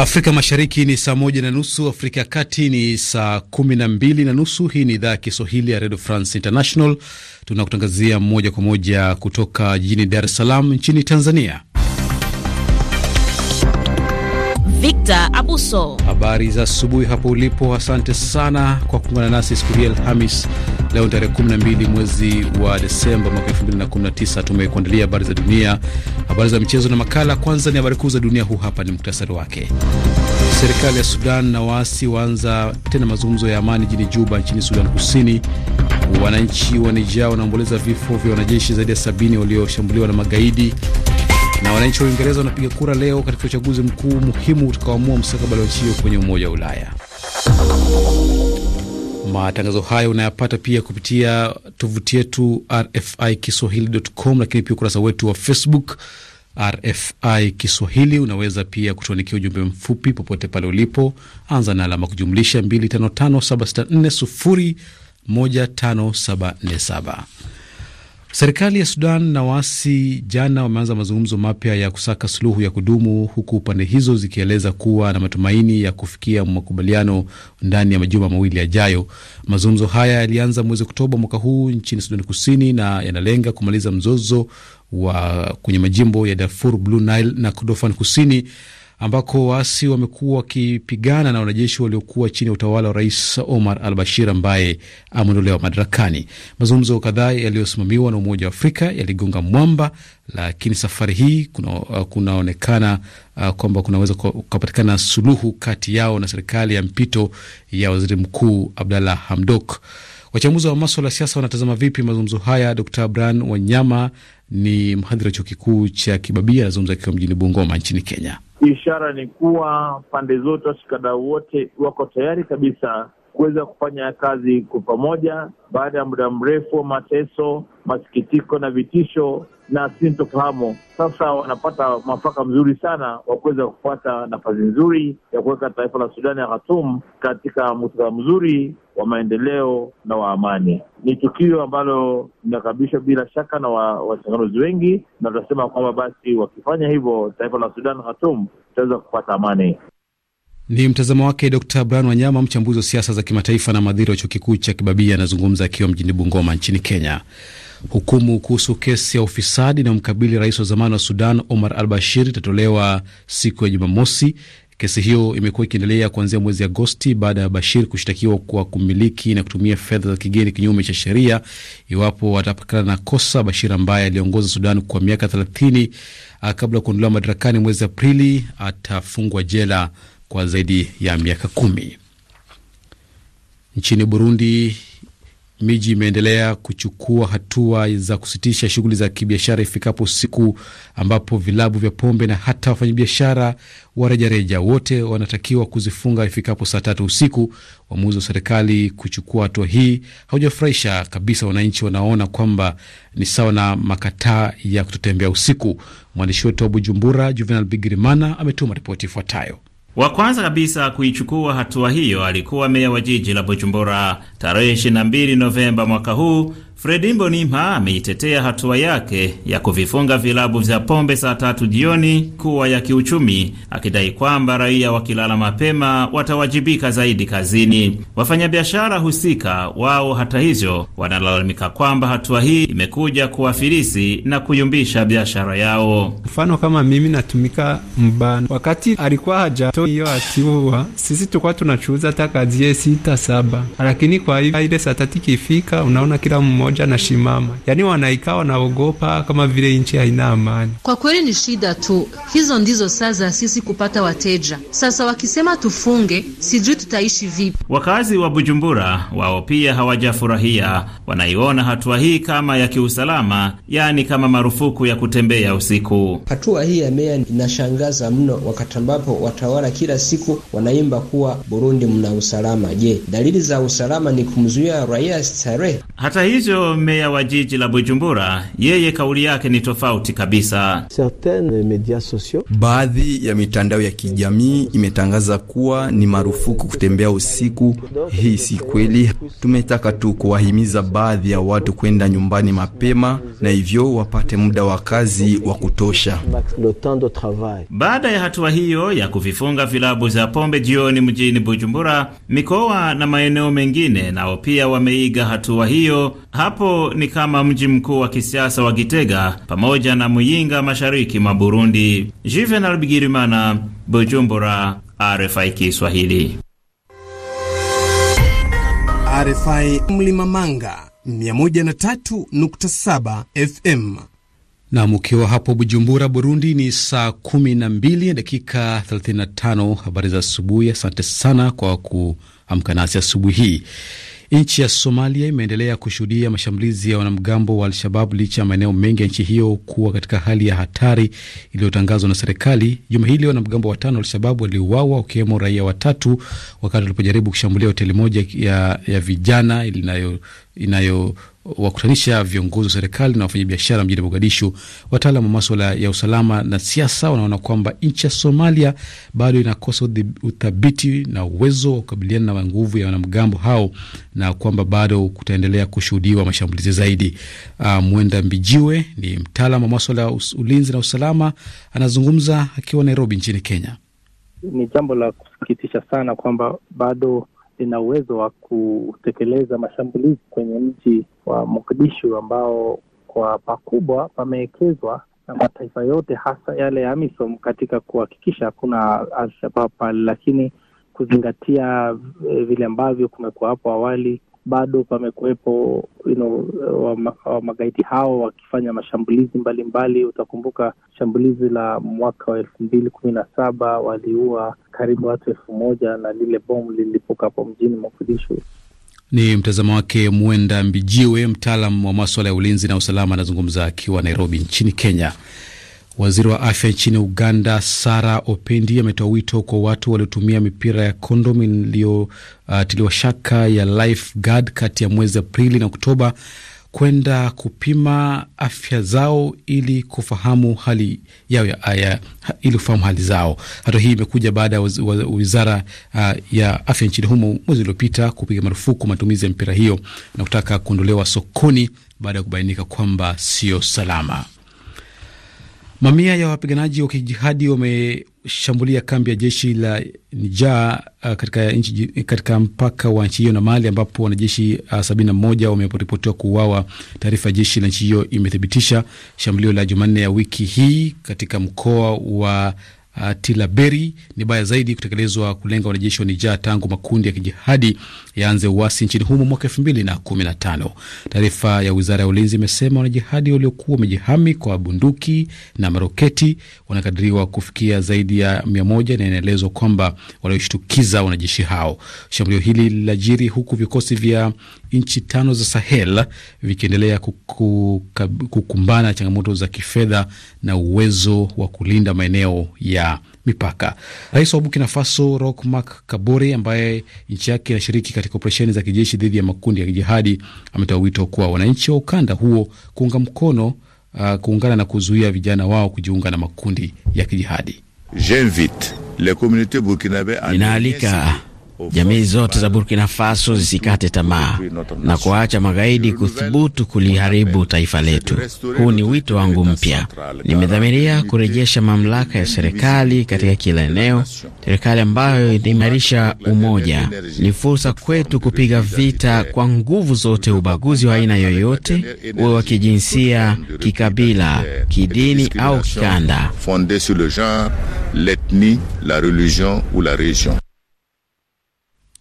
Afrika Mashariki ni saa moja na nusu, Afrika ya Kati ni saa kumi na mbili na nusu. Hii ni idhaa ya Kiswahili ya Redio France International, tunakutangazia moja kwa moja kutoka jijini Dar es Salaam nchini Tanzania. Victor Abuso. Habari za asubuhi hapo ulipo, asante sana kwa kuungana nasi siku hii Alhamis. Leo tarehe 12 mwezi wa Desemba mwaka 2019, tumekuandalia habari za dunia, habari za michezo na makala. Kwanza ni habari kuu za dunia, huu hapa ni muktasari wake. Serikali ya Sudan na waasi waanza tena mazungumzo ya amani jini Juba nchini Sudan Kusini. Wananchi wa nija wanaomboleza vifo vya wanajeshi zaidi ya sabini walioshambuliwa na magaidi. Na wananchi wa Uingereza wanapiga kura leo katika uchaguzi mkuu muhimu utakaoamua mustakabali wa nchi hiyo kwenye Umoja wa Ulaya. Matangazo hayo unayapata pia kupitia tovuti yetu RFI Kiswahili.com, lakini pia ukurasa wetu wa Facebook RFI Kiswahili. Unaweza pia kutuandikia ujumbe mfupi popote pale ulipo, anza na alama kujumlisha 255 Serikali ya Sudan na waasi jana wameanza mazungumzo mapya ya kusaka suluhu ya kudumu, huku pande hizo zikieleza kuwa na matumaini ya kufikia makubaliano ndani ya majuma mawili yajayo. Mazungumzo haya yalianza mwezi Oktoba mwaka huu nchini Sudan Kusini na yanalenga kumaliza mzozo wa kwenye majimbo ya Darfur, Blue Nile na Kordofan Kusini ambako waasi wamekuwa wakipigana na wanajeshi waliokuwa chini ya utawala wa Rais Omar al Bashir ambaye ameondolewa madarakani. Mazungumzo kadhaa yaliyosimamiwa na Umoja wa Afrika yaligonga mwamba, lakini safari hii uh, kunaonekana kuna uh, kwamba kunaweza kukapatikana suluhu kati yao na serikali ya mpito ya waziri mkuu Abdallah Hamdok. Wachambuzi wa maswala ya siasa wanatazama vipi mazungumzo haya? Dr Brian Wanyama ni mhadhiri wa chuo kikuu cha Kibabii, anazungumza akiwa mjini Bungoma nchini Kenya. Ishara ni kuwa pande zote, washikadau wote wako tayari kabisa kuweza kufanya kazi kwa pamoja baada ya muda mrefu wa mateso, masikitiko na vitisho na sintofahamu. Sasa wanapata mwafaka mzuri sana wa kuweza kupata nafasi nzuri ya kuweka taifa la Sudani ya Khartoum katika mustakabali mzuri wa maendeleo na wa amani. Ni tukio ambalo linakaribishwa bila shaka na wachanganuzi wa wengi, na tunasema kwamba basi wakifanya hivyo taifa la Sudan Khartoum itaweza kupata amani. Ni mtazamo wake Dr Brian Wanyama, mchambuzi wa siasa za kimataifa na mhadhiri wa chuo kikuu cha Kibabii. Anazungumza akiwa mjini Bungoma nchini Kenya. Hukumu kuhusu kesi ya ufisadi inayomkabili rais wa zamani wa Sudan Omar al Bashir itatolewa siku ya Jumamosi. Kesi hiyo imekuwa ikiendelea kuanzia mwezi Agosti baada ya Bashir kushtakiwa kwa kumiliki na kutumia fedha za kigeni kinyume cha sheria. Iwapo atapatikana na kosa, Bashir ambaye aliongoza Sudan kwa miaka 30 ah, kabla ya kuondolewa madarakani mwezi Aprili atafungwa jela kwa zaidi ya miaka kumi. Nchini Burundi, miji imeendelea kuchukua hatua za kusitisha shughuli za kibiashara ifikapo usiku, ambapo vilabu vya pombe na hata wafanyabiashara wa rejareja wote wanatakiwa kuzifunga ifikapo saa tatu usiku. Uamuzi wa serikali kuchukua hatua hii haujafurahisha kabisa wananchi, wanaona kwamba ni sawa na makataa ya kutotembea usiku. Mwandishi wetu wa Bujumbura, Juvenal Bigirimana, ametuma ripoti ifuatayo. Wa kwanza kabisa kuichukua hatua hiyo alikuwa meya wa jiji la Bujumbura tarehe 22 Novemba mwaka huu Fredi Mbonimpa ameitetea hatua yake ya kuvifunga vilabu vya pombe saa tatu jioni kuwa ya kiuchumi, akidai kwamba raia wakilala mapema watawajibika zaidi kazini. Wafanyabiashara husika wao, hata hivyo, wanalalamika kwamba hatua hii imekuja kuwafilisi na kuyumbisha biashara yao. Mfano kama mimi natumika mbana, wakati alikuwa hajato hiyo hatua, sisi tulikuwa tunachuuza hata kazie sita saba, lakini kwa hiyo ile saa tatu ikifika, unaona kila mmoja moja na shimama, yaani wanaikaa wanaogopa kama vile nchi haina amani. Kwa kweli ni shida tu, hizo ndizo saa za sisi kupata wateja. Sasa wakisema tufunge, sijui tutaishi vipi. Wakazi wa Bujumbura wao pia hawajafurahia, wanaiona hatua hii kama ya kiusalama, yaani kama marufuku ya kutembea usiku. Hatua hii ya meya inashangaza mno, wakati ambapo watawala kila siku wanaimba kuwa Burundi mna usalama. Je, dalili za usalama ni kumzuia raia starehe? Hata hivyo huyo meya wa jiji la Bujumbura, yeye kauli yake ni tofauti kabisa. Baadhi ya mitandao ya kijamii imetangaza kuwa ni marufuku kutembea usiku. Hii si kweli. Tumetaka tu kuwahimiza baadhi ya watu kwenda nyumbani mapema na hivyo wapate muda wa kazi wa kutosha. Baada ya hatua hiyo ya kuvifunga vilabu za pombe jioni mjini Bujumbura, mikoa na maeneo mengine nao pia wameiga hatua hiyo ha hapo ni kama mji mkuu wa kisiasa wa Gitega pamoja na Muyinga mashariki mwa Burundi. Juvenal Bigirimana, Bujumbura, RFI Kiswahili. RFI Mlima Manga 103.7 FM. Na mkiwa hapo Bujumbura, Burundi ni saa 12 dakika 35. Habari za asubuhi. Asante sana kwa kuamka nasi asubuhi hii. Nchi ya Somalia imeendelea kushuhudia mashambulizi ya wanamgambo wa Al-Shabab licha ya maeneo mengi ya nchi hiyo kuwa katika hali ya hatari iliyotangazwa na serikali. Juma hili wanamgambo watano wa Al-Shabab waliuawa wakiwemo raia watatu wakati walipojaribu kushambulia hoteli moja ya, ya vijana inayo, inayo wakutanisha viongozi wa serikali na wafanyabiashara mjini Mogadishu. Wataalam wa maswala ya usalama na siasa wanaona kwamba nchi ya Somalia bado inakosa uthabiti na uwezo wa kukabiliana na nguvu ya wanamgambo hao na kwamba bado kutaendelea kushuhudiwa mashambulizi zaidi. Uh, Mwenda Mbijiwe ni mtaalam wa maswala ya ulinzi na usalama, anazungumza akiwa Nairobi nchini Kenya. Ni jambo la kusikitisha sana kwamba bado ina uwezo wa kutekeleza mashambulizi kwenye mji wa Mogadishu ambao kwa pakubwa pamewekezwa na mataifa yote hasa yale ya AMISOM katika kuhakikisha hakuna Alshabab pale, lakini kuzingatia eh, vile ambavyo kumekuwa hapo awali bado pamekuwepo you know, magaidi hao wakifanya mashambulizi mbalimbali mbali. Utakumbuka shambulizi la mwaka wa elfu mbili kumi na saba waliua karibu watu elfu moja na lile bomu lilipuka hapo mjini Mogadishu. Ni mtazamo wake Mwenda Mbijiwe, mtaalam wa maswala ya ulinzi na usalama, anazungumza akiwa Nairobi nchini Kenya. Waziri wa afya nchini Uganda, Sara Opendi, ametoa wito kwa watu waliotumia mipira ya kondom iliyotiliwa uh, shaka ya lifeguard kati ya mwezi Aprili na Oktoba kwenda kupima afya zao ili kufahamu hali yao ya, ya, ili kufahamu hali zao. Hatua hii imekuja baada ya wizara uh, ya afya nchini humo mwezi uliopita kupiga marufuku matumizi ya mipira hiyo na kutaka kuondolewa sokoni baada ya kubainika kwamba sio salama. Mamia ya wapiganaji wa kijihadi wameshambulia kambi ya jeshi la Nija uh, katika, katika mpaka wa nchi hiyo na Mali ambapo wanajeshi uh, 71 wameripotiwa kuuawa. Taarifa ya jeshi la nchi hiyo imethibitisha shambulio la Jumanne ya wiki hii katika mkoa wa Ah, Tilaberi ni baya zaidi kutekelezwa kulenga wanajeshi wa nijaa tangu makundi ya kijihadi yaanze uasi nchini humo mwaka tano. Taarifa ya Wizara ya Ulinzi imesema wanajihadi waliokuwa wamejihami kwa bunduki na maroketi wanakadiriwa kufikia zaidi ya moja na inaelezwa kwamba walioshtukiza wanajeshi hao. Shambulio hili lilajiri huku vikosi vya nchi tano za Sahel vikiendelea kukumbana changamoto za kifedha na uwezo wa kulinda maeneo ya mipaka. Rais wa Burkina Faso Roch Marc Kabore, ambaye nchi yake inashiriki katika operesheni za kijeshi dhidi ya makundi ya kijihadi, ametoa wito kwa wananchi wa ukanda huo kuunga mkono uh, kuungana na kuzuia vijana wao kujiunga na makundi ya kijihadi. Ninaalika Jamii zote za Burkina Faso zisikate tamaa na kuacha magaidi kuthubutu kuliharibu taifa letu. Huu ni wito wangu mpya. Nimedhamiria kurejesha mamlaka ya serikali katika kila eneo, serikali ambayo inaimarisha umoja. Ni fursa kwetu kupiga vita kwa nguvu zote ubaguzi wa aina yoyote, uwe wa kijinsia, kikabila, kidini au kikanda.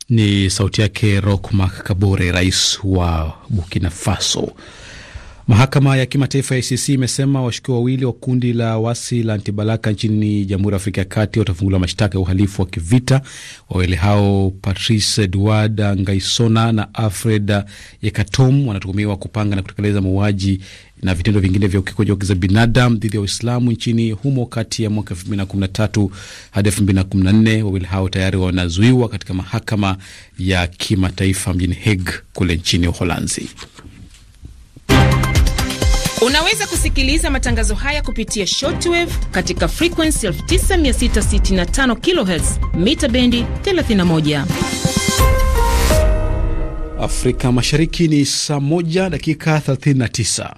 Ni sauti yake rok Mak Kabore, rais wa Burkina Faso. Mahakama ya kimataifa ya ICC imesema washukiwa wawili wa kundi la wasi la Antibalaka nchini Jamhuri ya Afrika ya Kati watafunguliwa mashtaka ya uhalifu wa kivita. Wawili hao Patrice edward Ngaisona na Alfred Yekatom wanatuhumiwa kupanga na kutekeleza mauaji na vitendo vingine vya ukiukaji wa za binadamu dhidi ya Waislamu nchini humo kati ya mwaka 2013 hadi 2014. Wawili hao tayari wanazuiwa katika mahakama ya kimataifa mjini Hague kule nchini Uholanzi. Unaweza kusikiliza matangazo haya kupitia shortwave katika frequency 9665 kHz mita bendi 31. Afrika Mashariki ni saa 1 dakika 39.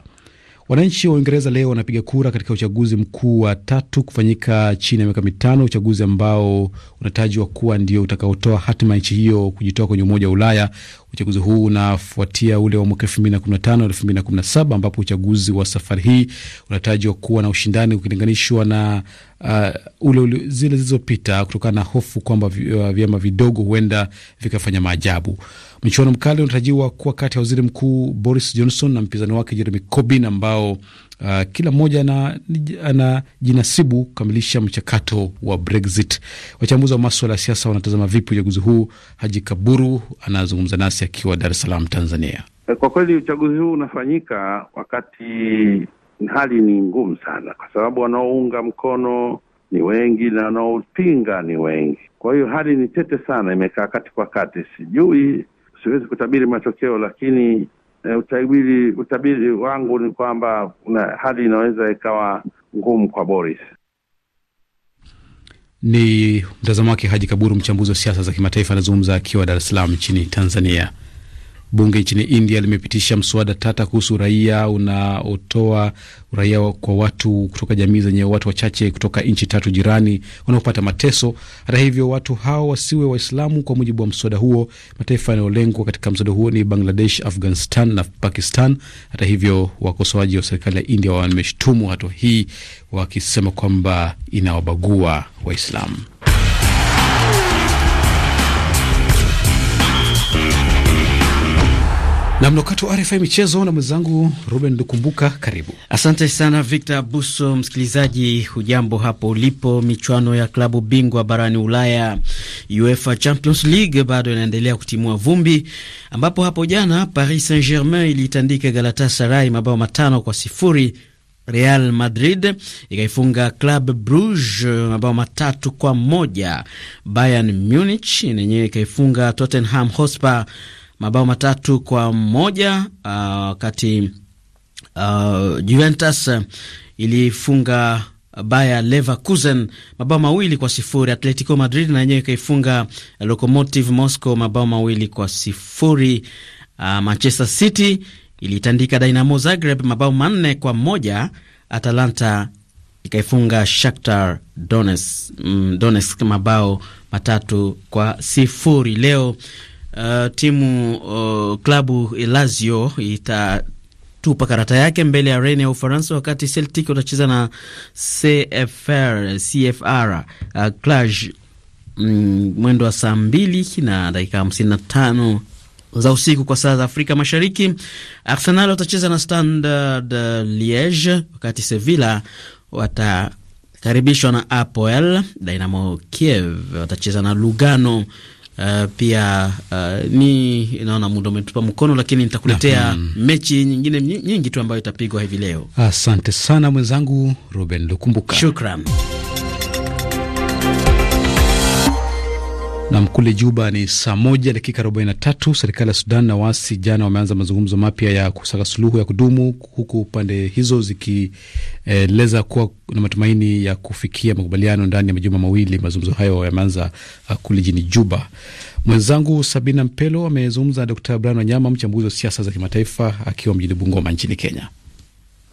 Wananchi wa Uingereza leo wanapiga kura katika uchaguzi mkuu wa tatu kufanyika chini ya miaka mitano, uchaguzi ambao unatajwa kuwa ndio utakaotoa hatima nchi hiyo kujitoa kwenye Umoja wa Ulaya, Uchaguzi huu unafuatia ule wa mwaka elfu mbili na kumi na tano elfu mbili na kumi na saba ambapo uchaguzi wa safari hii unatajwa kuwa na ushindani ukilinganishwa na uh, ule, ule zile zilizopita kutokana na hofu kwamba uh, vyama vidogo huenda vikafanya maajabu. Mchuano mkali unatarajiwa kuwa kati ya waziri mkuu Boris Johnson na mpinzani wake Jeremy Corbyn ambao uh, kila mmoja anajinasibu ana kukamilisha mchakato wa Brexit. Wachambuzi wa maswala ya siasa wanatazama vipi uchaguzi huu? Haji Kaburu anazungumza nasi akiwa Dar es Salaam, Tanzania. Kwa kweli uchaguzi huu unafanyika wakati hali ni ngumu sana, kwa sababu wanaounga mkono ni wengi na wanaopinga ni wengi. Kwa hiyo hali ni tete sana, imekaa kati kwa kati. Sijui, siwezi kutabiri matokeo, lakini e, utabiri utabiri wangu ni kwamba hali inaweza ikawa ngumu kwa Boris. Ni mtazamo wake Haji Kaburu, mchambuzi wa siasa za kimataifa, anazungumza akiwa Dar es Salaam nchini Tanzania. Bunge nchini India limepitisha mswada tata kuhusu uraia unaotoa uraia kwa watu kutoka jamii zenye watu wachache kutoka nchi tatu jirani wanaopata mateso. Hata hivyo, watu hao wasiwe Waislamu. Kwa mujibu wa mswada huo, mataifa yanayolengwa katika mswada huo ni Bangladesh, Afghanistan na Pakistan. Hata hivyo, wakosoaji wa serikali ya India wameshtumu hatua hii wakisema kwamba inawabagua Waislamu. na mnakati wa RFI michezo na mwenzangu Ruben Dukumbuka, karibu. Asante sana Victor Abuso. Msikilizaji hujambo hapo ulipo? Michuano ya klabu bingwa barani Ulaya, UEFA Champions League, bado inaendelea kutimua vumbi, ambapo hapo jana Paris Saint Germain ilitandika Galatasaray mabao matano kwa sifuri. Real Madrid ikaifunga Club Brugge mabao matatu kwa moja. Bayern Munich yenyewe ikaifunga Tottenham Hotspur mabao matatu kwa moja uh, wakati uh, uh, Juventus ilifunga Bayer Leverkusen mabao mawili kwa sifuri. Atletico Madrid na yenyewe ikaifunga Lokomotiv Moscow mabao mawili kwa sifuri. Uh, Manchester City ilitandika Dinamo Zagreb mabao manne kwa moja. Atalanta ikaifunga Shakhtar Donetsk, mm, Donetsk mabao matatu kwa sifuri. Leo Uh, timu uh, klabu Lazio itatupa karata yake mbele ya Rennes ya Ufaransa, wakati Celtic watacheza na CFR, CFR uh, Cluj mm, mwendo wa saa mbili na dakika hamsini na tano za usiku kwa saa za Afrika Mashariki. Arsenal watacheza na Standard Liege, wakati Sevilla watakaribishwa na Apoel. Dynamo Kiev watacheza na Lugano. Uh, pia uh, ni naona muda umetupa mkono, lakini nitakuletea mm-hmm. mechi nyingine nyingi tu ambayo itapigwa hivi leo. Asante sana mwenzangu Ruben Lukumbuka, shukran. Nam kule Juba ni saa moja dakika arobaini na tatu. Serikali ya Sudan na waasi jana wameanza mazungumzo mapya ya kusaka suluhu ya kudumu, huku pande hizo zikieleza kuwa na matumaini ya kufikia makubaliano ndani ya majuma mawili. Mazungumzo hayo yameanza uh, kule jini Juba. Mwenzangu Sabina Mpelo amezungumza na Dkt Brian Wanyama, mchambuzi wa siasa za kimataifa, akiwa mjini Bungoma nchini Kenya.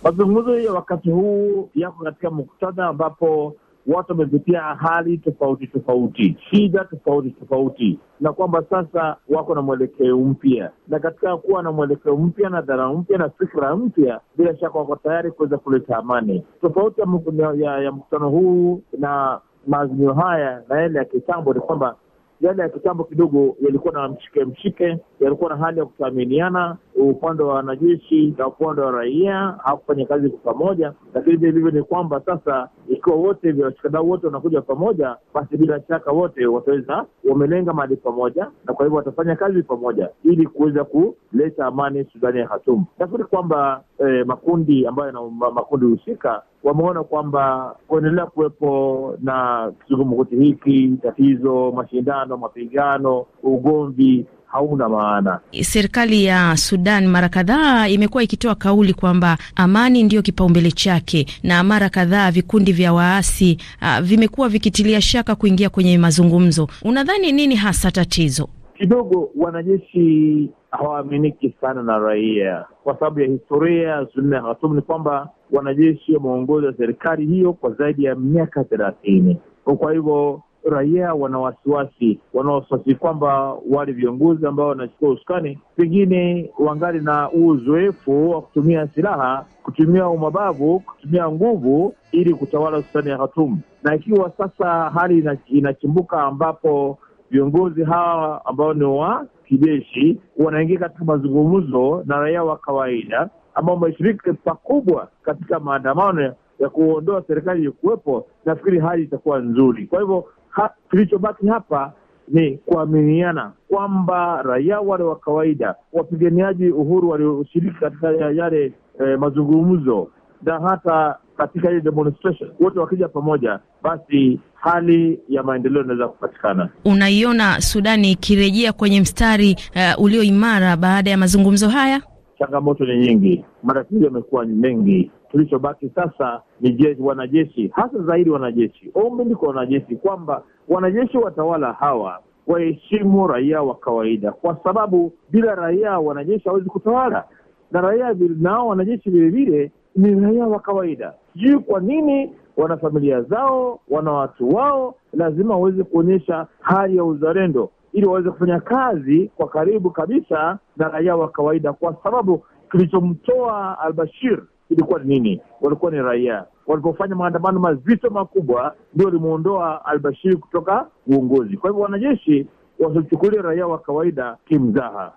Mazungumzo ya wakati huu yako katika muktadha ambapo watu wamepitia hali tofauti tofauti, shida tofauti tofauti, na kwamba sasa wako na mwelekeo mpya, na katika kuwa na mwelekeo mpya na dhana mpya na fikra mpya, bila shaka wako tayari kuweza kuleta amani. Tofauti ya, ya, ya mkutano huu na maazimio haya na yale ya kitambo ni kwamba yale ya kitambo kidogo yalikuwa na mshike mshike, yalikuwa na hali ya kuthaminiana, upande wa wanajeshi na upande wa raia hakufanya kazi kwa pamoja. Lakini vilivyo ni kwamba sasa, ikiwa wote vya washikadau wote wanakuja pamoja, basi bila shaka wote wataweza, wamelenga mahali pamoja, na kwa hivyo watafanya kazi pamoja ili kuweza kuleta amani Sudani ya hatumu Nafikiri kwamba eh, makundi ambayo yana makundi husika wameona kwamba kuendelea kuwepo na kizungumkuti hiki, tatizo, mashindano, mapigano, ugomvi hauna maana. Serikali ya Sudan mara kadhaa imekuwa ikitoa kauli kwamba amani ndiyo kipaumbele chake, na mara kadhaa vikundi vya waasi ah, vimekuwa vikitilia shaka kuingia kwenye mazungumzo. Unadhani nini hasa tatizo? Kidogo wanajeshi hawaaminiki sana na raia kwa sababu ya historia Zulme Khartoum ni kwamba wanajeshi wameongoza serikali hiyo kwa zaidi ya miaka thelathini. Kwa hivyo raia wana wasiwasi, wana wasiwasi kwamba wale viongozi ambao wanachukua usukani pengine wangali na huu uzoefu wa kutumia silaha, kutumia umabavu, kutumia nguvu ili kutawala usukani ya Khartoum. Na ikiwa sasa hali inachimbuka ambapo viongozi hawa ambao ni wa kijeshi wanaingia katika mazungumzo na raia wa kawaida ambao wameshiriki pakubwa katika maandamano ya kuondoa serikali iliyokuwepo, nafikiri hali itakuwa nzuri. Kwa hivyo ha, kilichobaki hapa ni kuaminiana kwamba raia wale wa kawaida, wapiganiaji uhuru walioshiriki katika yale eh, mazungumzo na hata katika ile demonstration wote wakija pamoja, basi hali ya maendeleo inaweza kupatikana. Unaiona Sudani ikirejea kwenye mstari uh, ulio imara baada ya mazungumzo haya? changamoto ni nyingi, matatizo yamekuwa mengi. Tulichobaki sasa ni wanajeshi, hasa zaidi wanajeshi. Ombi ni kwa wanajeshi kwamba wanajeshi watawala hawa waheshimu raia wa kawaida, kwa sababu bila raia wanajeshi hawezi kutawala, na raia nao wanajeshi vilevile ni raia wa kawaida. Sijui kwa nini wana familia zao, wana watu wao, lazima waweze kuonyesha hali ya uzalendo ili waweze kufanya kazi kwa karibu kabisa na raia wa kawaida, kwa sababu kilichomtoa Albashir ilikuwa ni nini? Walikuwa ni raia. Walipofanya maandamano mazito makubwa, ndio walimwondoa Albashir kutoka uongozi. Kwa hivyo wanajeshi wasichukulia raia wa kawaida kimzaha.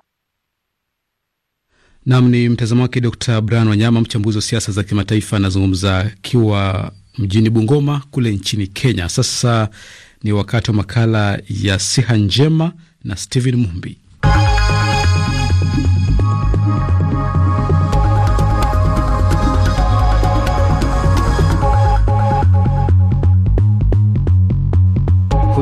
Nam ni mtazamo wake Dkt Brian Wanyama, mchambuzi wa siasa za kimataifa, anazungumza akiwa mjini Bungoma kule nchini Kenya. Sasa ni wakati wa makala ya siha njema na Steven Mumbi.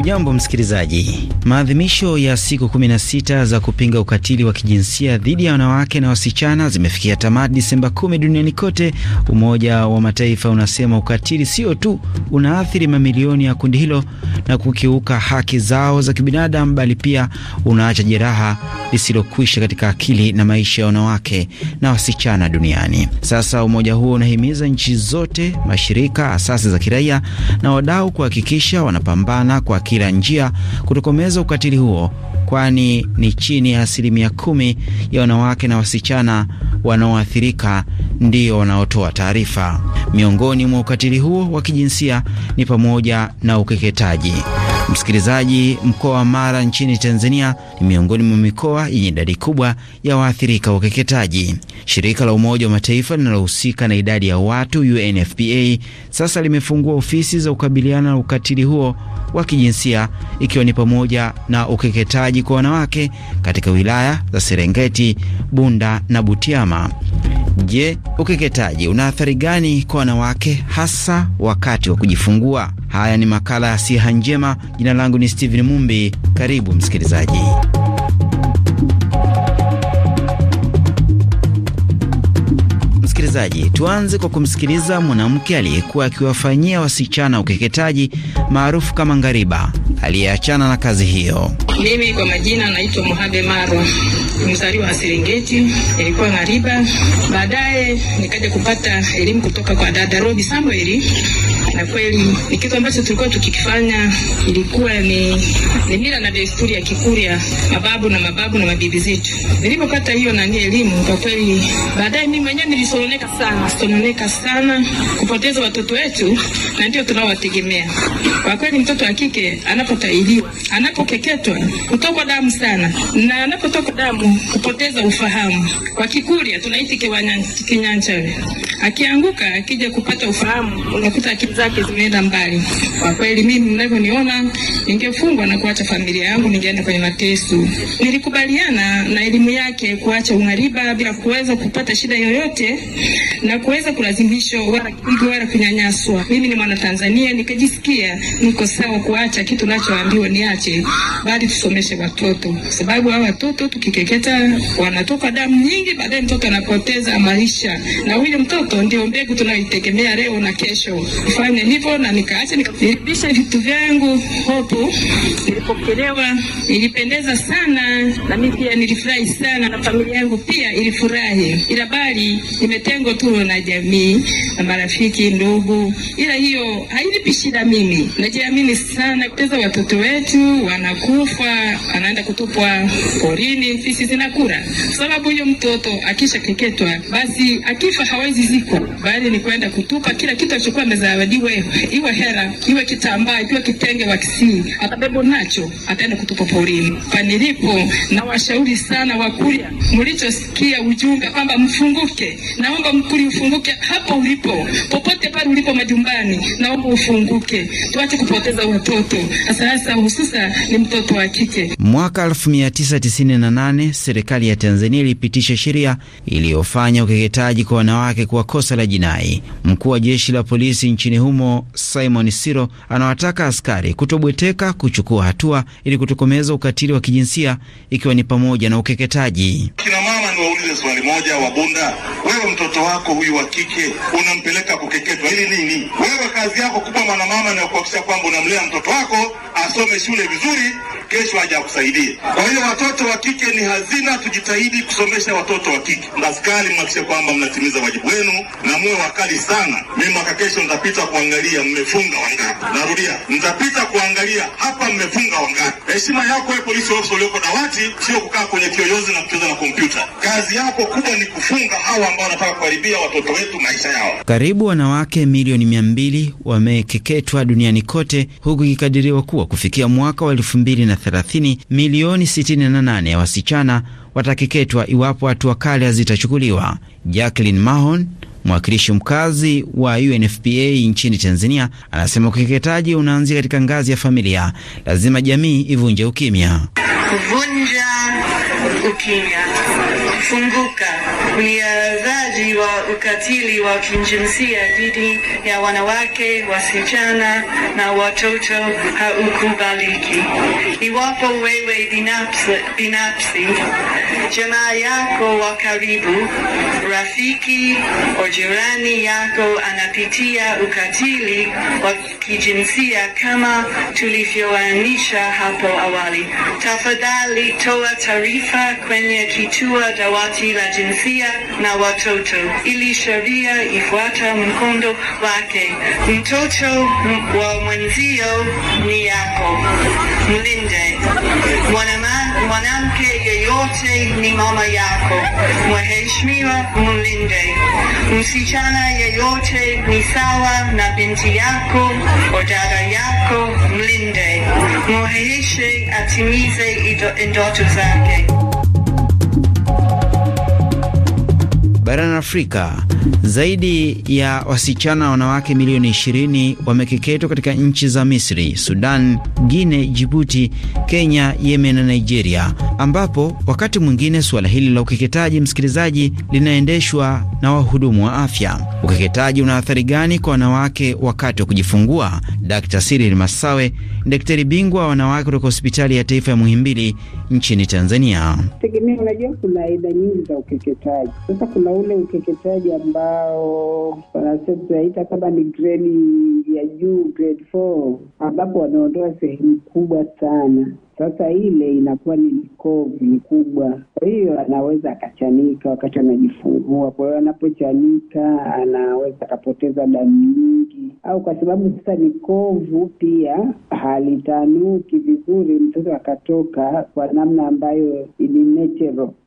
Hujambo msikilizaji. Maadhimisho ya siku 16 za kupinga ukatili wa kijinsia dhidi ya wanawake na wasichana zimefikia tamati Disemba 10 duniani kote. Umoja wa Mataifa unasema ukatili sio tu unaathiri mamilioni ya kundi hilo na kukiuka haki zao za kibinadamu, bali pia unaacha jeraha lisilokwisha katika akili na maisha ya wanawake na wasichana duniani. Sasa umoja huo unahimiza nchi zote, mashirika, asasi za kiraia na wadau kuhakikisha wanapambana kwa kila njia kutokomeza ukatili huo, kwani ni chini ya asilimia kumi ya wanawake na wasichana wanaoathirika ndio wanaotoa taarifa. Miongoni mwa ukatili huo wa kijinsia ni pamoja na ukeketaji. Msikilizaji, mkoa wa Mara nchini Tanzania ni miongoni mwa mikoa yenye idadi kubwa ya waathirika wa ukeketaji. Shirika la Umoja wa Mataifa linalohusika na idadi ya watu UNFPA sasa limefungua ofisi za kukabiliana na ukatili huo wa kijinsia ikiwa ni pamoja na ukeketaji kwa wanawake katika wilaya za Serengeti, Bunda na Butiama. Je, ukeketaji una athari gani kwa wanawake hasa wakati wa kujifungua? Haya ni makala ya Siha Njema Jina langu ni Steven Mumbi. Karibu msikilizaji. msikilizaji, tuanze kwa kumsikiliza mwanamke aliyekuwa akiwafanyia wasichana ukeketaji maarufu kama ngariba, aliyeachana na kazi hiyo. Mimi kwa majina naitwa Muhabe Maro, mzaliwa wa Serengeti, nilikuwa ngariba. Baadaye nikaja kupata elimu kutoka kwa dada Robi Samueli, na kweli ni kitu ambacho tulikuwa tukikifanya, ilikuwa ni, ni mila na desturi ya Kikurya, mababu na mababu na mabibi zetu. Nilipopata hiyo nani elimu, kwa kweli baadaye mimi mwenyewe nilisoroneka sana, sononeka sana kupoteza watoto wetu, na ndio tunaowategemea kwa kweli. Mtoto wa kike anapotahiriwa, anapokeketwa kutokwa damu sana, na anapotokwa damu kupoteza ufahamu, kwa Kikurya tunaiti kinyanchale. Akianguka akija kupata ufahamu, unakuta akili zake zimeenda mbali. Kwa kweli, mimi mnavyoniona, ningefungwa na kuacha familia yangu, ningeenda kwenye mateso. Nilikubaliana na elimu yake kuacha ungariba bila kuweza kupata shida yoyote na kuweza kulazimishwa wala kunyanyaswa. Mimi ni mwana Tanzania, nikajisikia niko sawa kuacha kitu nachoambiwa niache, bali tusomeshe watoto, sababu hawa watoto tukikeketa wanatoka damu nyingi, baadaye mtoto anapoteza maisha, na huyu mtoto ndio mbegu tunaitegemea leo na kesho. Fanya hivyo, na nikaacha nikarudisha vitu vyangu hopo. Nilipokelewa ilipendeza sana, na mimi pia nilifurahi sana, na familia yangu pia ilifurahi, ila bali nimetea jengo tu na jamii na marafiki, ndugu, ila hiyo hainipi shida. Mimi najiamini sana, kuteza watoto wetu wanakufa, anaenda kutupwa porini, fisi zinakula, sababu hiyo mtoto akisha keketwa, basi akifa hawezi ziko, bali ni kwenda kutupa. Kila kitu alichokuwa amezawadiwe, iwe hela, iwe kitambaa, iwe kitenge, wa wakisii atabebo nacho, ataenda kutupa porini. Panilipo na washauri sana Wakuria, mlichosikia ujumbe kwamba mfunguke, naomba Naomba mkuri ufunguke hapo ulipo, popote pale ulipo majumbani, naomba ufunguke, tuache kupoteza watoto, hasa hasa hususa ni mtoto wa kike. Mwaka 1998 serikali ya Tanzania ilipitisha sheria iliyofanya ukeketaji kwa wanawake kuwa kosa la jinai. Mkuu wa jeshi la polisi nchini humo Simon Siro anawataka askari kutobweteka, kuchukua hatua ili kutokomeza ukatili wa kijinsia ikiwa ni pamoja na ukeketaji. Kina mama ni waulize swali moja, Wabunda, wewe mtoto mtoto wako huyu wa kike unampeleka kukeketwa ili nini? Wewe kazi yako kubwa mwanamama ni kuhakikisha kwamba unamlea mtoto wako asome shule vizuri, kesho aje akusaidie. Kwa hiyo watoto wa kike ni hazina, tujitahidi kusomesha watoto wa kike. Askari, mhakikishe kwamba mnatimiza wajibu wenu na muwe wakali sana. Mimi mwaka kesho nitapita kuangalia mmefunga wangapi. Narudia, nitapita kuangalia hapa mmefunga wangapi. Heshima yako wewe polisi ofisa ulioko dawati sio kukaa kwenye kiyoyozi na kucheza na kompyuta. Kazi yako kubwa ni kufunga hawa ambao wanataka kuharibia watoto wetu maisha yao. Karibu wanawake milioni mia mbili wamekeketwa duniani kote, huku ikikadiriwa kuwa kufikia mwaka wa elfu mbili na thelathini milioni 68 ya wasichana watakeketwa iwapo hatua kali hazitachukuliwa. Jacqueline Mahon mwakilishi mkazi wa UNFPA nchini Tanzania anasema ukeketaji unaanzia katika ngazi ya familia, lazima jamii ivunje ukimya, kuvunja ukimya kufunguka, uliazaji wa ukatili wa kijinsia dhidi ya wanawake, wasichana na watoto haukubaliki. Iwapo wewe binafsi, binafsi jamaa yako wa karibu, rafiki o jirani yako anapitia ukatili wa kijinsia kama tulivyoanisha hapo awali, tafadhali toa taarifa kwenye kituo cha dawati la jinsia na watoto ili sheria ifuata mkondo wake. Mtoto wa mwenzio ni yako, mlinde. Mwanamke yeyote ni mama yako, mheshimiwa, mlinde. Msichana yeyote ni sawa na binti yako odara yako, mlinde, mheshimu, atimize ndoto zake. barani Afrika, zaidi ya wasichana wanawake milioni 20 wamekeketwa katika nchi za Misri, Sudan, Guine, Jibuti, Kenya, Yemen na Nigeria, ambapo wakati mwingine suala hili la ukeketaji, msikilizaji, linaendeshwa na wahudumu wa afya. Ukeketaji una athari gani kwa wanawake wakati wa kujifungua? Dkt. Cyril Masawe ni daktari bingwa wa wanawake kutoka hospitali ya taifa ya Muhimbili nchini Tanzania. Tegemea, unajua kuna aina nyingi za ukeketaji. Sasa kuna ule ukeketaji ambao uh, tunaita kama ni greni ya juu grade 4 ambapo wanaondoa sehemu kubwa sana. Sasa ile inakuwa ni mikovu mikubwa, kwa hiyo anaweza akachanika wakati anajifungua. Kwa hiyo anapochanika anaweza akapoteza damu nyingi, au kwa sababu sasa ni kovu pia halitanuki vizuri, mtoto akatoka kwa namna ambayo ni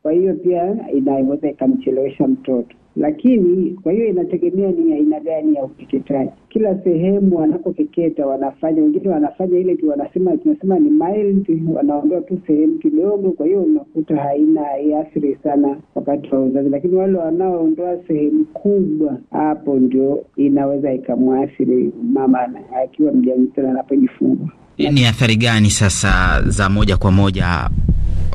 Kwa hiyo pia inaweza ikamchelewesha mtoto lakini kwa hiyo inategemea ni aina gani ya ukeketaji. Kila sehemu wanapokeketa wanafanya, wengine wanafanya ile tu, wanasema tunasema ni mild, wanaondoa tu sehemu kidogo, kwa hiyo unakuta haina haiathiri sana wakati wa uzazi, lakini wale wanaoondoa sehemu kubwa, hapo ndio inaweza ikamwathiri mama akiwa mjamzito na anapojifungua. Ni athari gani sasa za moja kwa moja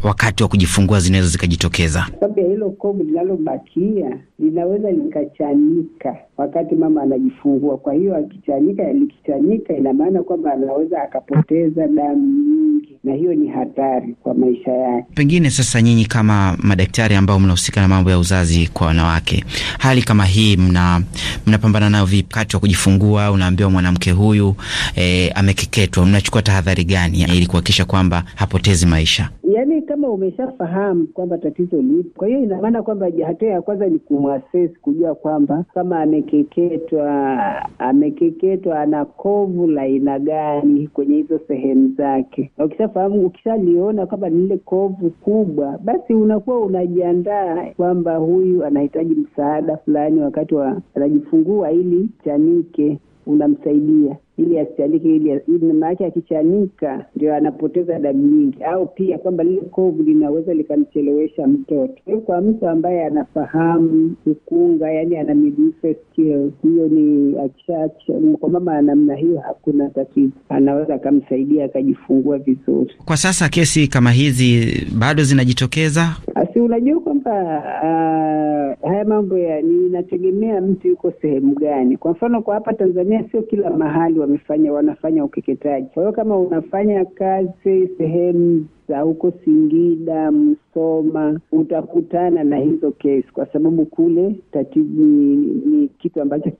wakati wa kujifungua zinaweza zikajitokeza? Sababu ya hilo kovu linalobakia linaweza likachanika wakati mama anajifungua. Kwa hiyo akichanika, likichanika, ina maana kwamba anaweza akapoteza damu nyingi na hiyo ni hatari kwa maisha yake. Pengine sasa, nyinyi kama madaktari ambao mnahusika na mambo ya uzazi kwa wanawake, hali kama hii mna mnapambana nayo vipi? Wakati wa kujifungua unaambiwa mwanamke huyu e, amekeketwa, mnachukua tahadhari gani ili kuhakikisha kwamba hapotezi maisha? Yaani kama umeshafahamu kwamba tatizo lipo, kwa hiyo ina maana kwamba hatua ya kwanza ni kumwasesi, kujua kwamba kama amekeketwa, amekeketwa ana kovu la aina gani kwenye hizo sehemu zake, na ukisha unafahamu ukishaliona kwamba ni lile kovu kubwa, basi unakuwa unajiandaa kwamba huyu anahitaji msaada fulani wakati wa anajifungua, ili chanike unamsaidia ili asialike ili ili mama akichanika ndio anapoteza damu nyingi, au pia kwamba lile kovu linaweza likamchelewesha mtoto. Hiyo kwa mtu ambaye anafahamu ukunga, yani ana midwife hiyo ni achache. Kwa mama namna hiyo hakuna tatizo, anaweza akamsaidia akajifungua vizuri. Kwa sasa kesi kama hizi bado zinajitokeza, si unajua kwamba uh, haya mambo ya inategemea mtu yuko sehemu gani. Kwa mfano kwa hapa Tanzania sio kila mahali wamefanya wanafanya ukeketaji. Kwa hiyo kama unafanya kazi sehemu Mwanza, huko Singida, Msoma, utakutana na hizo kesi, kwa sababu kule tatibu ni, ni kitu ambacho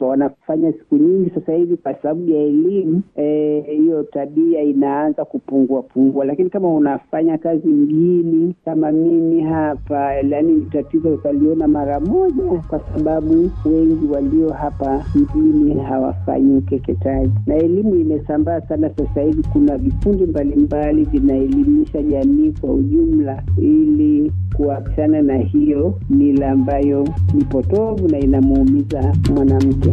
wanafanya siku nyingi sasa hivi kwa sababu ya elimu eh, hiyo. E, tabia inaanza kupungua pungua, lakini kama unafanya kazi mjini kama mimi hapa, yani tatizo utaliona mara moja, kwa sababu wengi walio hapa mjini hawafanyi ukeketaji, na elimu imesambaa sana sasa hivi. Kuna vikundi mbalimbali vina kuelimisha jamii kwa ujumla ili kuachana na hiyo mila ambayo ni potovu na inamuumiza mwanamke.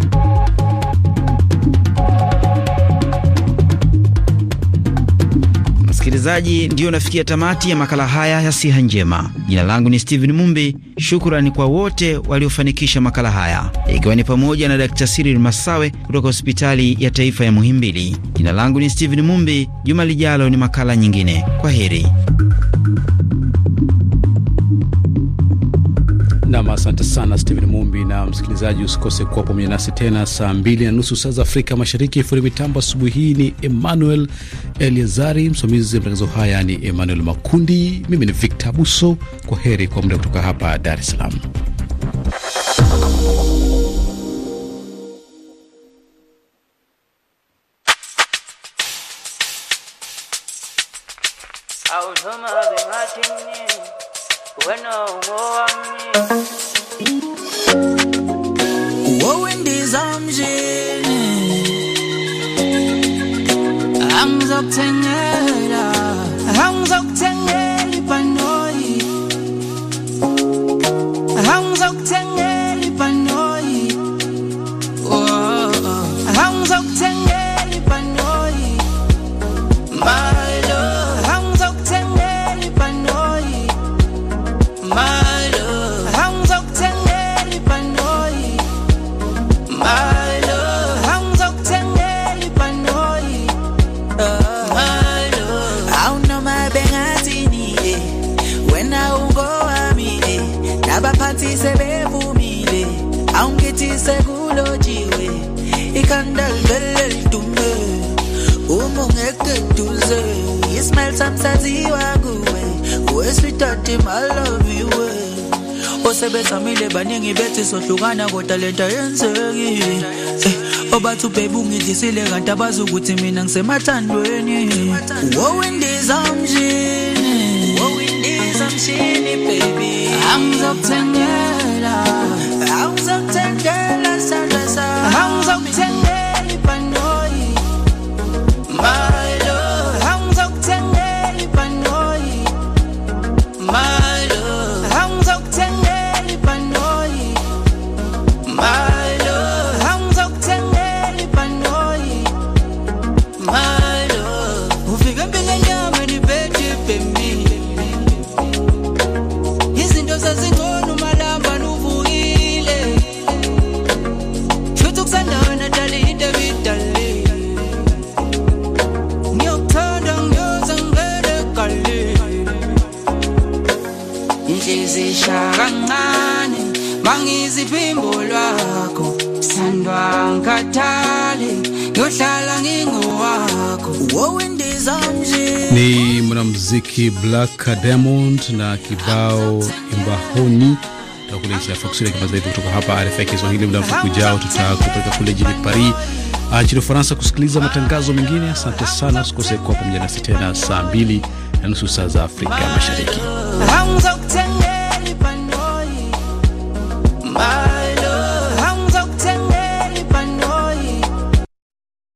msikilizaji, ndiyo nafikia tamati ya makala haya ya siha njema. Jina langu ni Steven Mumbi. Shukrani kwa wote waliofanikisha makala haya, ikiwa ni pamoja na Dkt. siril Masawe kutoka hospitali ya taifa ya Muhimbili. Jina langu ni Steven Mumbi. Juma lijalo ni makala nyingine. Kwa heri. Nam, asante sana Stephen Mumbi. Na msikilizaji, usikose kuwa pamoja nasi tena saa mbili na nusu saa za Afrika Mashariki. Fundi mitambo asubuhi hii ni Emmanuel Eliazari, msimamizi wa matangazo haya ni Emmanuel Makundi, mimi ni Victor Buso. Kwa heri kwa muda kutoka hapa Dar es Salaam. Wowe ndizamje amzokuthengela sekulojiwe ikhanda livele lidume uma ungeke duze ismail samsaziwa kuwe wesithathe my love you osebezamile baningi bethi sohlukana kodwa lento yenzeki eh, obathu baby ungidlisile kanti abazukuthi mina ngisemathandweni wowindizamshini wowindizamshini baby angizokuthengelaa muziki Black Diamond na kibao Imbahoni kule nchi ya Afrika Kusini kutoka hapa RFI Kiswahili. Muda mfupi ujao tutakupeleka kule jijini Paris ah, nchini Ufaransa kusikiliza matangazo mengine. Asante sana, usikose kuwa pamoja nasi tena saa mbili na nusu saa za Afrika Mashariki.